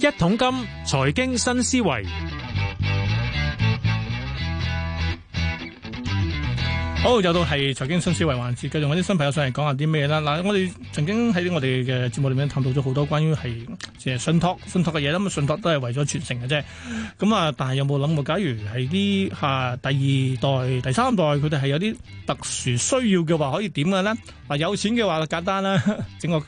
一桶金財經新思維，好，又到係財經新思維環節，繼續我啲新朋友上嚟講下啲咩啦。嗱，我哋曾經喺我哋嘅節目裏面探討咗好多關於係，即係信託、信託嘅嘢啦。咁信託都係為咗傳承嘅啫。咁啊，但係有冇諗過，假如係啲吓第二代、第三代，佢哋係有啲特殊需要嘅話，可以點嘅咧？嗱，有錢嘅話，就簡單啦，整個。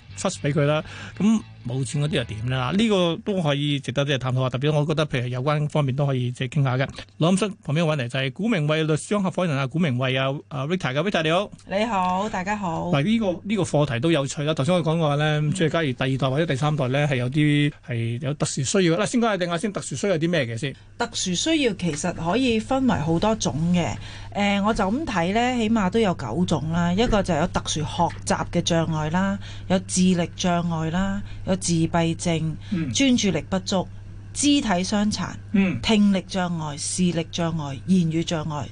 俾佢啦，咁冇錢嗰啲又點咧？呢、這個都可以值得啲嘅探討，特別我覺得，譬如有關方面都可以即係傾下嘅。攬出旁邊揾嚟就係古明慧律師合夥人啊，古明慧啊，啊 Rita 啊 Rita 你好，你好，大家好。嗱呢、這個呢、這個課題都有趣啦。頭先我講過話咧，即係假如第二代或者第三代咧係有啲係有特殊需要，嗱先講下定下先，特殊需要有啲咩嘅先？特殊需要其實可以分為好多種嘅，誒、呃、我就咁睇咧，起碼都有九種啦。一個就係有特殊學習嘅障礙啦，有智力障礙啦，有自閉症、專、嗯、注力不足、肢體傷殘、嗯、聽力障礙、視力障礙、言語障礙、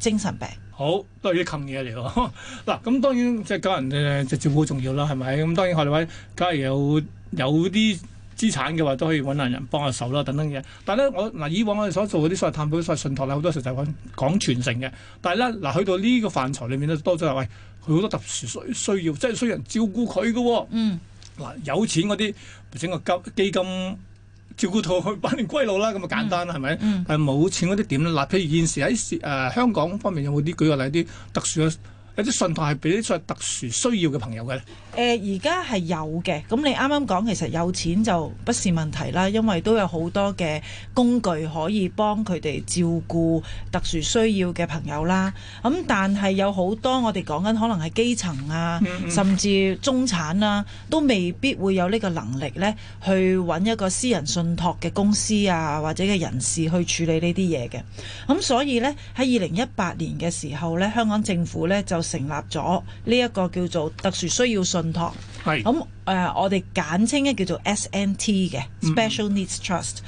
精神病，好都係啲坑嘢嚟喎。嗱、 啊，咁當然即係家人嘅就、呃、照顧好重要啦，係咪？咁當然我哋話家人，家人有有啲。資產嘅話都可以揾下人幫下手啦，等等嘅。但係咧，我嗱以往我哋所做嗰啲所謂探討、所謂信託咧，好多時候就係講講傳承嘅。但係咧嗱，去到呢個範疇裡面咧，多咗係喂，佢、哎、好多特殊需需要，即係需要人照顧佢嘅，哦。嗯，嗱有錢嗰啲整個金基金照顧到佢百年歸老啦，咁啊，簡單啦，係咪？但係冇錢嗰啲點咧？嗱，譬如現時喺誒、呃、香港方面有冇啲舉個例啲特殊嘅？有啲信託係俾啲所謂特殊需要嘅朋友嘅咧？誒、呃，而家係有嘅。咁你啱啱講，其實有錢就不是問題啦，因為都有好多嘅工具可以幫佢哋照顧特殊需要嘅朋友啦。咁、嗯、但係有好多我哋講緊可能係基層啊， 甚至中產啊，都未必會有呢個能力呢去揾一個私人信託嘅公司啊，或者嘅人士去處理呢啲嘢嘅。咁、嗯、所以呢，喺二零一八年嘅時候呢，香港政府呢就成立咗呢一個叫做特殊需要信託。係咁誒，我哋簡稱咧叫做 SNT 嘅 Special Needs Trust。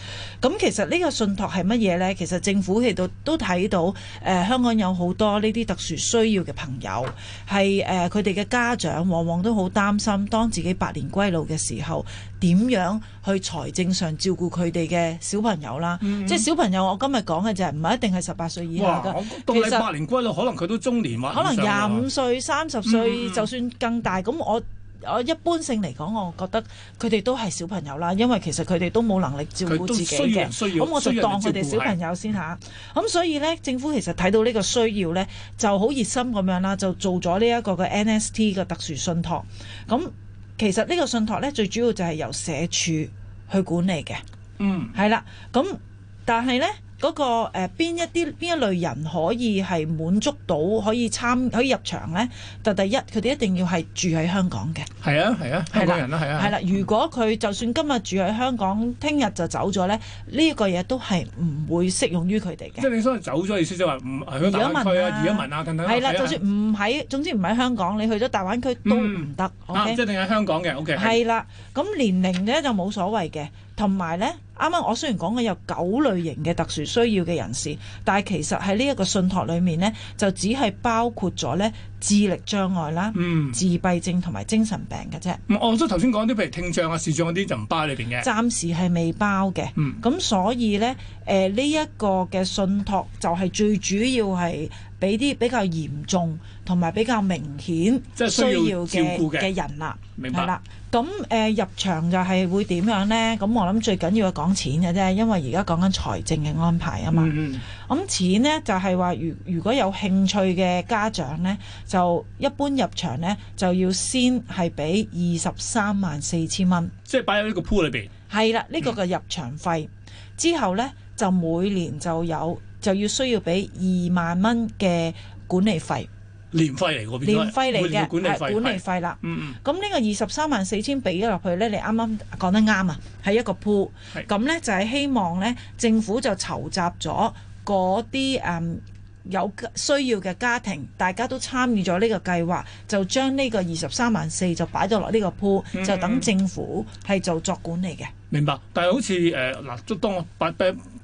咁、嗯、其實呢個信託係乜嘢咧？其實政府其實都睇到誒、呃，香港有好多呢啲特殊需要嘅朋友，係誒佢哋嘅家長往往都好擔心，當自己百年歸老嘅時候，點樣去財政上照顧佢哋嘅小朋友啦？嗯、即係小朋友，我今日講嘅就係唔係一定係十八歲以下嘅，到你百年歸老，實可能佢都中年或可能廿五歲、三十歲，嗯、就算更大咁我。我一般性嚟講，我覺得佢哋都係小朋友啦，因為其實佢哋都冇能力照顧自己嘅，咁我就當佢哋小朋友先吓。咁所以呢，政府其實睇到呢個需要呢，就好熱心咁樣啦，就做咗呢一個嘅 SNT 嘅特殊信託。咁其實呢個信託呢，最主要就係由社署去管理嘅。嗯，係啦。咁但係呢。嗰個誒邊一啲邊一類人可以係滿足到可以參可以入場咧？就第一，佢哋一定要係住喺香港嘅。係啊，係啊，香港人啦，係啊。係啦，如果佢就算今日住喺香港，聽日就走咗咧，呢一個嘢都係唔會適用於佢哋嘅。即係你所謂走咗意思，即係話唔去大灣區啊，移咗民啊，等等。係啦，就算唔喺，總之唔喺香港，你去咗大灣區都唔得。啊，即係定喺香港嘅，OK。係啦，咁年齡咧就冇所謂嘅。同埋呢啱啱我雖然講嘅有九類型嘅特殊需要嘅人士，但係其實喺呢一個信託裏面呢，就只係包括咗呢智力障礙啦、嗯、自閉症同埋精神病嘅啫。唔、嗯，我都頭先講啲譬如聽障啊、視障嗰啲就唔包喺裏邊嘅。暫時係未包嘅。咁、嗯、所以呢，誒呢一個嘅信託就係最主要係俾啲比較嚴重同埋比較明顯需要，的需要照顧嘅人啦。明白。咁、呃、入場就係會點樣呢？咁我諗最緊要係講錢嘅啫，因為而家講緊財政嘅安排啊嘛。咁、嗯嗯、錢呢，就係、是、話，如如果有興趣嘅家長呢，就一般入場呢，就要先係俾二十三萬四千蚊，即係擺喺呢個 pool 裏邊。係啦，呢、呢個嘅入場費。嗯、之後呢，就每年就有就要需要俾二萬蚊嘅管理費。年費嚟個年費嚟嘅，係管理費啦。咁是呢個二十三萬四千俾咗落去咧，嗯、你啱啱講得啱啊，係一個鋪。咁咧是就係、是、希望咧，政府就籌集咗嗰啲誒有需要嘅家庭，大家都參與咗呢個計劃，就將呢個二十三萬四就擺咗落呢個鋪，嗯、就等政府係做作管理嘅。明白。但係好似嗱、呃，當我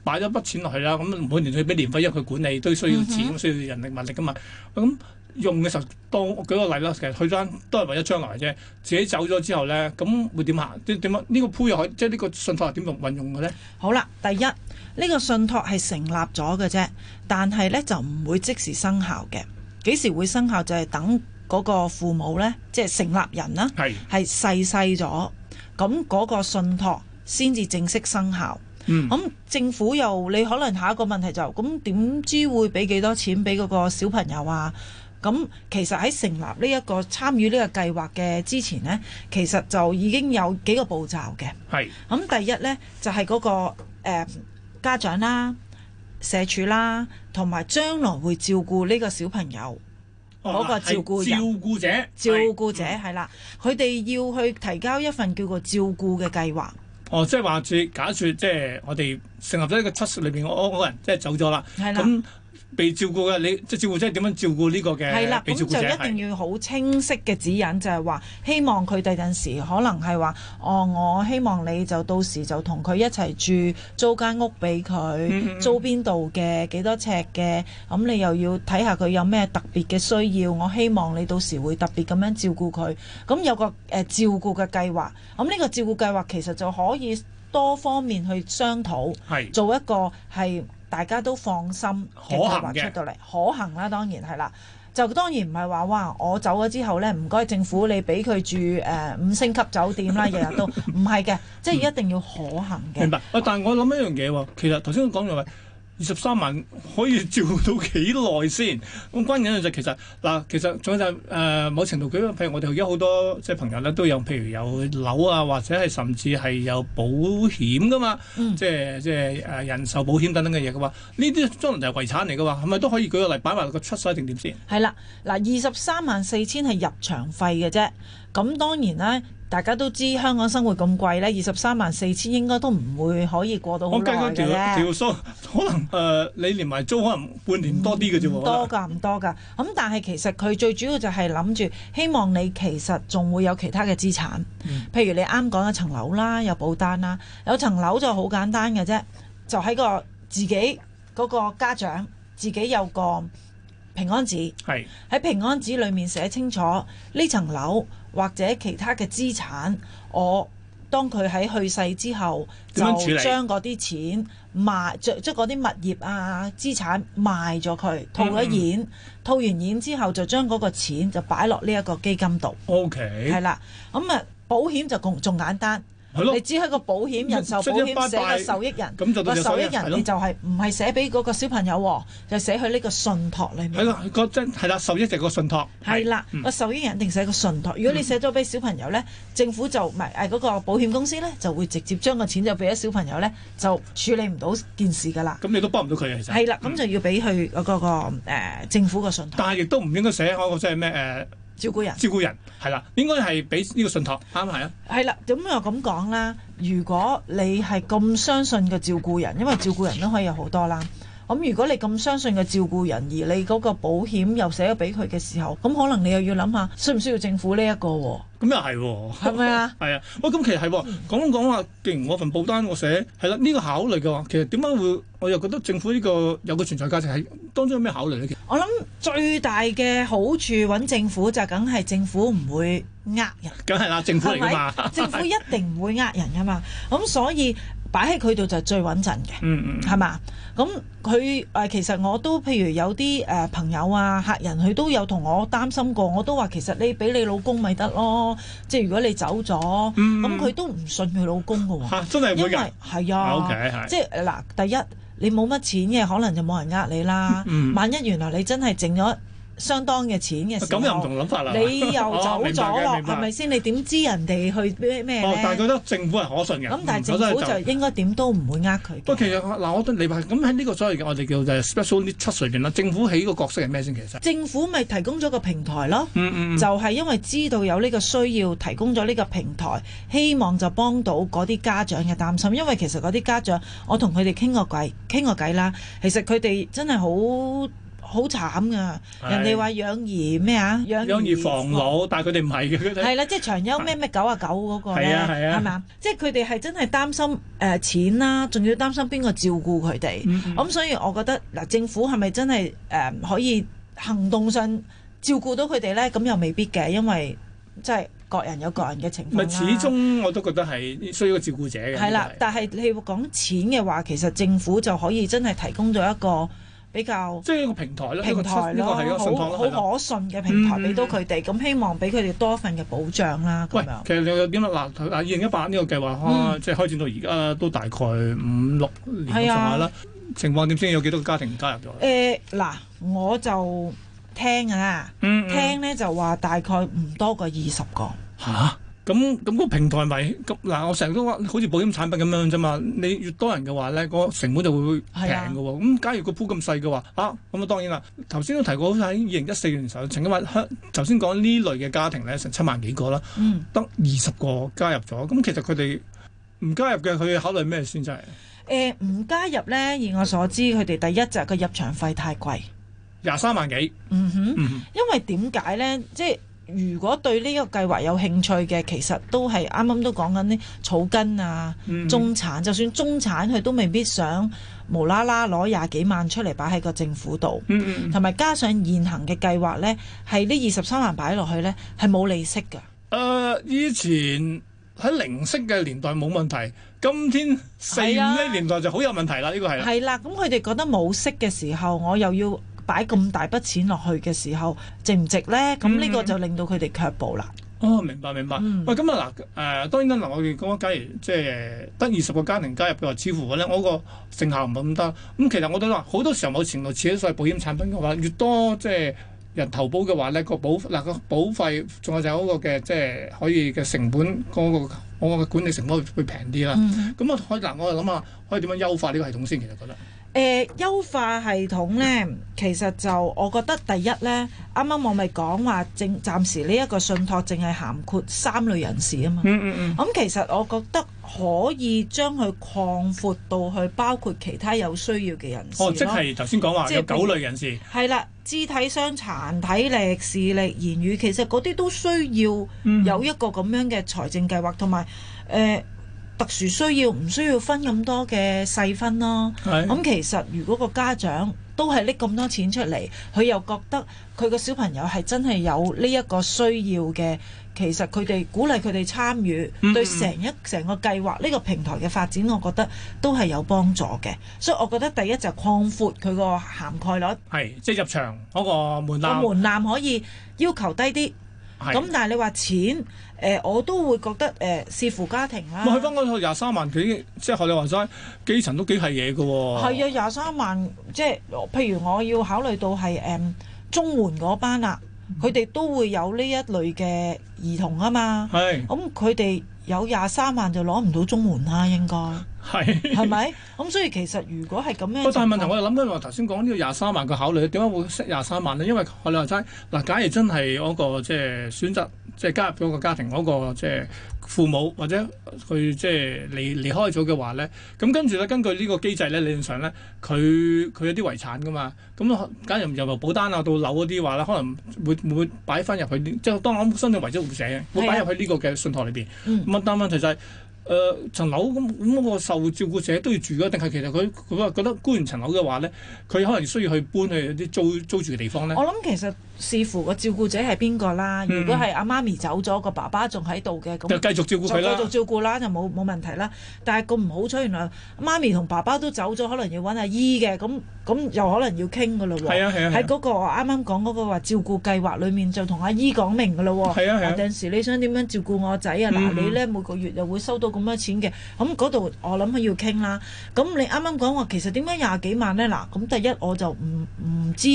擺咗筆錢落去啦，咁每年去俾年費，因為佢管理都需要錢，嗯、哼需要人力物力㗎嘛，咁。用嘅時候，當舉個例啦，其實去翻都係為咗將來啫。自己走咗之後咧，咁會點行？即點樣？呢、這個鋪入去，即呢個信託係點樣運用嘅咧？好啦，第一呢、這個信託係成立咗嘅啫，但係咧就唔會即時生效嘅。幾時會生效就係、是、等嗰個父母咧，即係成立人啦，係係逝世咗，咁嗰個信託先至正式生效。嗯，咁政府又你可能下一個問題就咁點知會俾幾多錢俾嗰個小朋友啊？咁其實喺成立呢一個參與呢個計劃嘅之前呢，其實就已經有幾個步驟嘅。係咁是，第一呢，就係、是、嗰、那個、呃、家長啦、社署啦，同埋將來會照顧呢個小朋友嗰、哦、個照顧照顧者。照顧者係啦，佢哋要去提交一份叫做照顧嘅計劃。哦，即係話説假設即係我哋成立咗一個信託裏邊，我我個人即係走咗啦。係啦的。被照顧嘅你，即照顧者點樣照顧呢個嘅？係啦，咁就一定要好清晰嘅指引，就係話希望佢第陣時可能係話，哦，我希望你就到時就同佢一齊住，租間屋俾佢， 租邊度嘅幾多尺嘅，咁你又要睇下佢有咩特別嘅需要，我希望你到時會特別咁樣照顧佢，咁有個誒照顧嘅計劃，咁呢個照顧計劃其實就可以多方面去商討，係做一個係。大家都放心嘅計劃出到嚟，可行，可行啦，當然係啦。就當然唔係話哇，我走咗之後呢，唔該政府你俾佢住誒、呃、五星級酒店啦，日日 都唔係嘅，即係一定要可行嘅、嗯。明白。但係我諗一樣嘢喎，呃、其實頭先講咗。 二十三萬可以照顧到幾耐先？咁關鍵就其實嗱，其實總之誒，某程度舉，譬如我哋而家好多即係朋友咧，都有譬如有樓啊，或者係甚至係有保險噶嘛，嗯、即係即係誒、呃、人壽保險等等嘅嘢嘅話，呢啲將來就係遺產嚟嘅話，係咪都可以舉個例擺埋個出世定點先？係啦，嗱，二十三萬四千係入場費嘅啫。咁當然咧，大家都知香港生活咁貴咧，二十三萬四千應該都唔會可以過到好耐咧。我計下條數。可能誒、呃，你連埋租可能半年多啲嘅啫，多㗎唔多㗎？咁、嗯、但係其實佢最主要就係諗住希望你其實仲會有其他嘅資產，嗯、譬如你啱講一層樓啦，有保單啦，有層樓就好簡單嘅啫，就喺個自己嗰個家長自己有個平安紙，喺是平安紙裏面寫清楚呢層樓。或者其他嘅資產，我當佢喺去世之後，就將嗰啲錢賣，即即嗰啲物業啊資產賣咗佢，套咗現，嗯、套完現之後就將嗰個錢就擺落呢一個基金度。OK，係啦，咁啊保險就更仲簡單。你只係個保險人壽保險寫個受益人，咁就受益人你就係唔係寫俾嗰個小朋友，就寫去呢個信託裏面。係啦，個真係啦，受益就係個信託。係啦，個受益人一定寫個信託。如果你寫咗俾小朋友咧，政府就唔係誒嗰個保險公司咧，就會直接將個錢就俾咗小朋友咧，就處理唔到件事㗎啦。咁你都幫唔到佢啊，其實。係啦，咁就要俾佢嗰個個誒政府個信託。但係亦都唔應該寫個即係咩誒？照顧人，照顧人係啦，應該係俾呢個信託啱唔啱係啊？係啦，咁又咁講啦。如果你係咁相信嘅照顧人，因為照顧人都可以有好多啦。咁如果你咁相信嘅照顧人，而你嗰個保險又寫咗俾佢嘅時候，咁可能你又要諗下，需唔需要政府呢一個喎、啊？咁又係喎，係咪啊？係啊，喂，咁其實係，講講話，既然我份保單我寫，係啦，呢個考慮嘅話，其實點解會，我又覺得政府呢個有個存在價值係當中有咩考慮咧？其實我諗最大嘅好處揾政府就係梗係政府唔會呃人，梗係啦，政府嚟㗎嘛，政府一定唔會呃人㗎嘛，咁所以擺喺佢度就最穩陣嘅，嗯嗯，係嘛？咁佢誒其實我都譬如有啲誒朋友啊客人佢都有同我擔心過，我都話其實你俾你老公咪得咯。即係如果你走咗，咁佢、嗯、都唔信佢老公嘅喎。真係會㗎。因為係啊，okay, 即係嗱，第一你冇乜錢嘅，可能就冇人呃你啦。嗯、萬一原來你真係整咗，相當嘅錢嘅，咁又唔同諗法啦。你又走咗落，係咪先？你點知人哋去咩？哦、但係覺得政府係可信嘅。咁、嗯，但係政府就應該點都唔會呃佢。不過、嗯、其實嗱，我覺得你話咁喺呢個所謂嘅我哋叫就 special needs trust 啦，政府喺個角色係咩先其實？政府咪提供咗個平台咯，嗯嗯、就係因為知道有呢個需要，提供咗呢個平台，希望就幫到嗰啲家長嘅擔心。因為其實嗰啲家長，我同佢哋傾個偈，傾個偈啦，其實佢哋真係好。好慘噶！慘的是人哋話養兒咩啊？養養兒防老，防老但係佢哋唔係嘅。係啦、啊，即係、啊、長休咩咩九啊九嗰個咧，係嘛、啊？即係佢哋係真係擔心誒、呃、錢啦、啊，仲要擔心邊個照顧佢哋。咁、嗯嗯、所以我覺得嗱、呃，政府係咪真係誒、呃、可以行動上照顧到佢哋咧？咁又未必嘅，因為即係、就是、各人有各人嘅情況啦、啊。始終我都覺得係需要個照顧者嘅。係啦、啊，是但係你講錢嘅話，其實政府就可以真係提供咗一個。比較即係一個平台咯，平台一個信託咯，好好可信嘅平台，俾到佢哋咁，嗯、希望俾佢哋多一份嘅保障喂啦。咁樣其實你又點啊？嗱，嗱，二零一八呢個計劃開、嗯啊、即係開展到而家都大概五六年嘅上下啦。啊、情況點先？有幾多個家庭加入咗？誒嗱、欸，我就聽啊，嗯嗯聽咧就話大概唔多過二十個嚇。咁咁、個平台咪咁嗱？我成日都話好似保險產品咁樣啫嘛。你越多人嘅話咧，個成本就會平嘅喎。咁、啊、假如個鋪咁細嘅話，啊咁啊當然啦。頭先都提過，好似喺二零一四年時候曾經話香。頭先講呢類嘅家庭咧，成七萬幾個啦，得二十個加入咗。咁其實佢哋唔加入嘅，佢考慮咩先？真係唔加入咧？以我所知，佢哋第一就係入場費太貴，廿三萬幾、嗯。嗯哼，因為點解咧？即係如果對呢一個計劃有興趣嘅，其實都係啱啱都講緊啲草根啊，中產，嗯、就算中產佢都未必想無啦啦攞廿幾萬出嚟擺喺個政府度，同埋、嗯嗯、加上現行嘅計劃呢，係呢二十三萬擺落去呢，係冇利息嘅。誒、呃，以前喺零息嘅年代冇問題，今天四、啊、五嘅年代就好有問題啦。呢、這個係係啦，咁佢哋覺得冇息嘅時候，我又要。擺咁大筆錢落去嘅時候，值唔值咧？咁呢個就令到佢哋卻步啦、嗯。哦，明白明白。嗯、喂，咁啊嗱，誒、呃，當然啦，嗱，我哋講假如即係得二十個家庭加入嘅話，似乎咧，我個成效唔係咁得。咁、嗯、其實我都話，好多時候某程度，似所晒保險產品嘅話，越多即係、就是、人投保嘅話咧，個保嗱個、呃、保費，仲有，就有一個嘅即係可以嘅成本，那個、我個我個管理成本會平啲啦。咁啊、嗯呃，可以嗱，我哋諗下可以點樣優化呢個系統先？其實覺得。誒優、呃、化系統呢，其實就我覺得第一呢，啱啱我咪講話，正暫時呢一個信託淨係涵括三類人士啊嘛。嗯嗯嗯。咁、嗯嗯嗯、其實我覺得可以將佢擴闊到去包括其他有需要嘅人士、哦、即係頭先講話、呃、有九類人士。係啦，肢體傷殘、體力、視力、言語，其實嗰啲都需要有一個咁樣嘅財政計劃，同埋誒。特殊需要唔需要分咁多嘅細分咯，咁是、嗯、其實如果個家長都係拎咁多錢出嚟，佢又覺得佢個小朋友係真係有呢一個需要嘅，其實，佢哋鼓勵佢哋參與，嗯、對成一成個計劃呢、呢個平台嘅發展，我覺得都係有幫助嘅。所以我覺得第一就擴闊佢個涵蓋率，係即係入場嗰、嗰個門檻，門檻可以要求低啲，咁是、嗯、但係你話錢。誒、呃、我都會覺得誒、呃、視乎家庭啦、啊。咪去翻嗰廿三萬幾，即係何你華生學你話齋，基層都幾係嘢嘅喎。係啊，廿三萬即係譬如我要考慮到係誒、嗯、中援嗰班啦、啊，佢哋都會有呢一類嘅兒童啊嘛。係的。咁佢哋有廿三萬就攞唔到中援啦、啊，應該。係係咪？咁、 嗯、所以其實如果係咁樣，不過但係問題，我哋諗緊話頭先講呢個廿三萬嘅考慮，點解會識廿三萬呢？因為我哋話齋嗱，假如真係我、那個即係選擇，即、就、係、是、加入咗個家庭我、那個即、就是、父母或者佢即係離離開咗嘅話咧，咁跟住咧根據個機呢個機制咧，理論上咧佢佢有啲遺產噶嘛，咁假如由保單啊到樓嗰啲話咧，可能會會擺翻入去，即、就、係、是、當我身為遺囑護者，我擺、嗯、入去呢個嘅信託裏面。咁、嗯嗯、但係問題就係、是。誒、呃、層樓，咁咁個受照顧者都要住啊，定係其實佢佢話覺得沽完層樓嘅話咧，佢可能需要去搬去啲租租住嘅地方咧。我諗其實。視乎個照顧者係邊個啦。嗯、如果係阿媽咪走咗，個爸爸仲喺度嘅，咁就繼續照顧佢啦。繼續照顧啦，就冇冇問題啦。但係咁唔好彩原來媽咪同爸爸都走咗，可能要揾阿姨嘅。咁咁又可能要傾嘅咯喎。啊係啊。喺嗰、啊啊、個啱啱講嗰個話照顧計劃裡面就同阿姨講明嘅咯喎。啊係啊。有陣、啊、時你想點樣照顧我仔啊？嗱、嗯，你咧每個月又會收到咁多錢嘅。咁嗰度我諗佢要傾啦。咁你啱啱講話其實點解廿幾萬咧？嗱，咁第一我就唔唔知。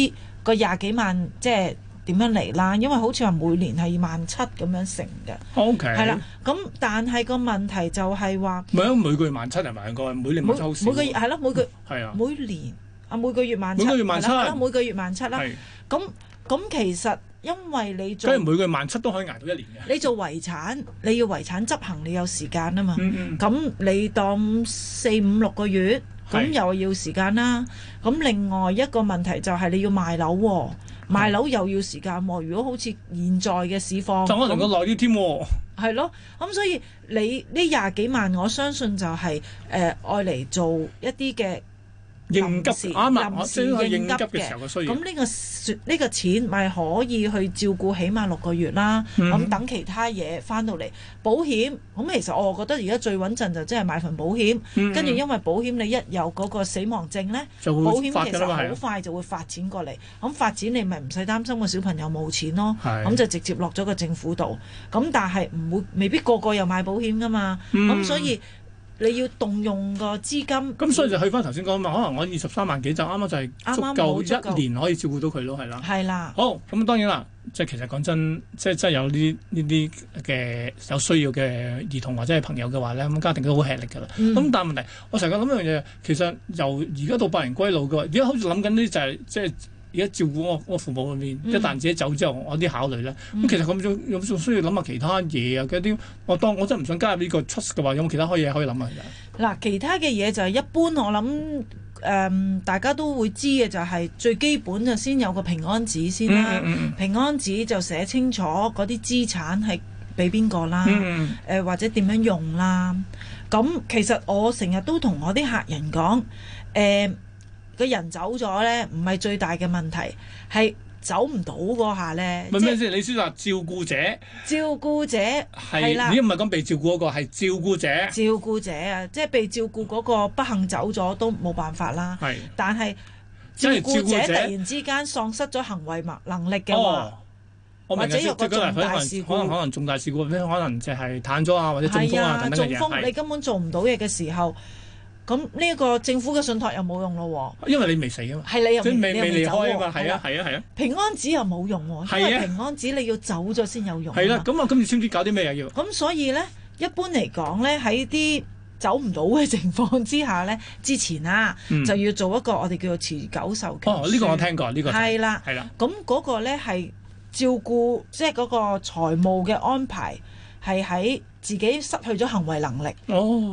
個廿幾萬即係點樣嚟啦？因為好似話每年係萬七咁樣成嘅，OK，係啦。咁但係個問題就係話，唔係每個月萬七係萬個，每年每個月係咯，每個月，係啊，每年啊，每個月萬七，每個月萬七，每個月萬七啦。咁咁其實因為你做，即係每個月萬七都可以捱到一年嘅。你做遺產，你要遺產執行，你有時間啊嘛。咁你當四五六個月。咁又要時間啦，咁另外一個問題就係你要賣樓，哦，賣樓又要時間喎，哦。如果好似現在嘅市況，仲可能更耐啲添。係咯，咁所以你呢廿幾萬，我相信就係誒愛嚟做一啲嘅。應急啱時啊！我先去應急嘅，咁呢、啊就是呢個呢、呢個錢咪可以去照顧起碼六個月啦。咁、嗯、等其他嘢翻到嚟，保險，咁其實我覺得而家最穩陣就即係買份保險。嗯、跟住因為保險你一有嗰個死亡證呢，保險其實好快就會發錢過嚟。咁發錢你咪唔使擔心個小朋友冇錢咯。咁是就直接落咗個政府度。咁但係唔會未必個個有買保險㗎嘛。咁、嗯、所以。你要動用個資金，咁所以就去翻頭先講嘛，可、啊、能我二十三萬幾就啱啱就係足夠一年可以照顧到佢咯，係啦，係啦，好咁、嗯、當然啦，即係其實講真，即係真係有呢呢啲嘅有需要嘅兒童或者係朋友嘅話咧，咁、嗯、家庭都好吃力㗎啦。咁、嗯嗯、但係問題，我成日諗一樣嘢，其實由而家到百年歸老嘅話，而家好似諗緊呢就係即係。就是而家照顧我我父母嗰邊，嗯、一旦自己走之後，我啲考慮啦。咁、嗯、其實咁仲有仲需要諗下其他嘢啊。有啲我當我真唔想加入呢個 trust 嘅話，有冇其他開嘢可以諗啊？嗱，其他嘅嘢就係一般我想，我諗誒大家都會知嘅就係最基本就先有個平安紙先啦。嗯嗯，平安紙就寫清楚嗰啲資產係俾邊個啦，誒、嗯嗯、呃、或者點樣用啦。咁其實我成日都同我啲客人講誒。呃個人走咗咧，唔係最大嘅問題，係走唔到嗰下咧。問咩先？你先話照顧者，照顧者係啦，呢啲唔係講被照顧嗰個，係照顧者。照顧者啊，即係被照顧嗰個不幸走咗都冇辦法啦。係，但係照顧者突然之間喪失咗行為能力嘅話，我明。即係最近可能可能重大事故咧，可能就係癱咗啊，或者中風啊等等嘅嘢。係啊，中風你根本做唔到嘢嘅時候。咁呢一個政府嘅信託又冇用咯喎，因為你未死啊嘛，係你又未未離開啊嘛，係啊係啊係啊，平安紙又冇用喎，因為平安紙你要走咗先有用，係啦，咁啊今次先知搞啲咩又要，咁所以咧一般嚟講咧，喺啲走唔到嘅情況之下咧，之前啊，就要做一個我哋叫做持久授權。哦呢個我聽過呢個係啦係啦，咁嗰個咧係照顧即係嗰個財務嘅安排。係喺自己失去咗行為能力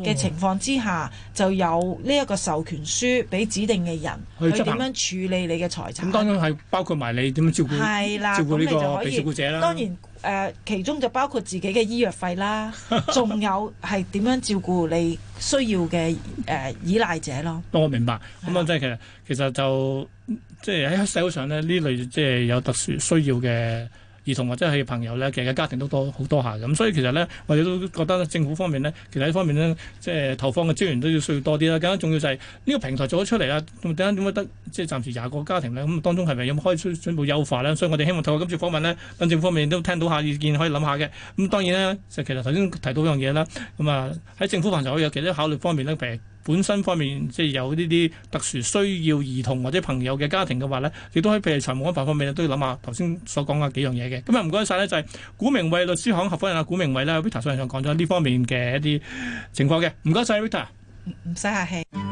嘅情況之下，oh. 就有呢一個授權書俾指定嘅人去點樣處理你嘅財產。咁當然係包括埋你點樣照顧，係啦，照顧呢個被照顧者啦。當然，誒、呃、其中就包括自己嘅醫藥費啦，仲有係點樣照顧你需要嘅誒、呃、依賴者咯。我明白，咁啊，即係其實其實就即係喺社會上咧，呢類即係有特殊需要嘅。兒童或者係朋友咧，其實家庭都多好多下咁，所以其實咧，我哋都覺得政府方面咧，其他方面咧，即係投放嘅資源都要需要多啲啦。更加重要就係呢個平台做咗出嚟啦，點解點解得即係暫時廿個家庭咧？咁當中係咪有冇可以進步優化咧？所以我哋希望透過今次訪問咧，等政府方面都聽到下意見，可以諗下嘅。咁當然啦，就其實頭先提到一樣嘢啦，咁啊喺政府層面可以有其他考慮方面咧，譬本身方面即係有呢啲特殊需要兒童或者朋友嘅家庭嘅話咧，亦都可以譬如財務安排方面都要諗下頭先所講嘅幾樣嘢嘅。咁啊唔該晒咧，就係古明慧律師行合伙人啊，古明慧咧，Vita 先生講咗呢方面嘅一啲情況嘅。唔該晒，Vita，唔使客氣。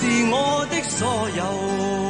是我的所有。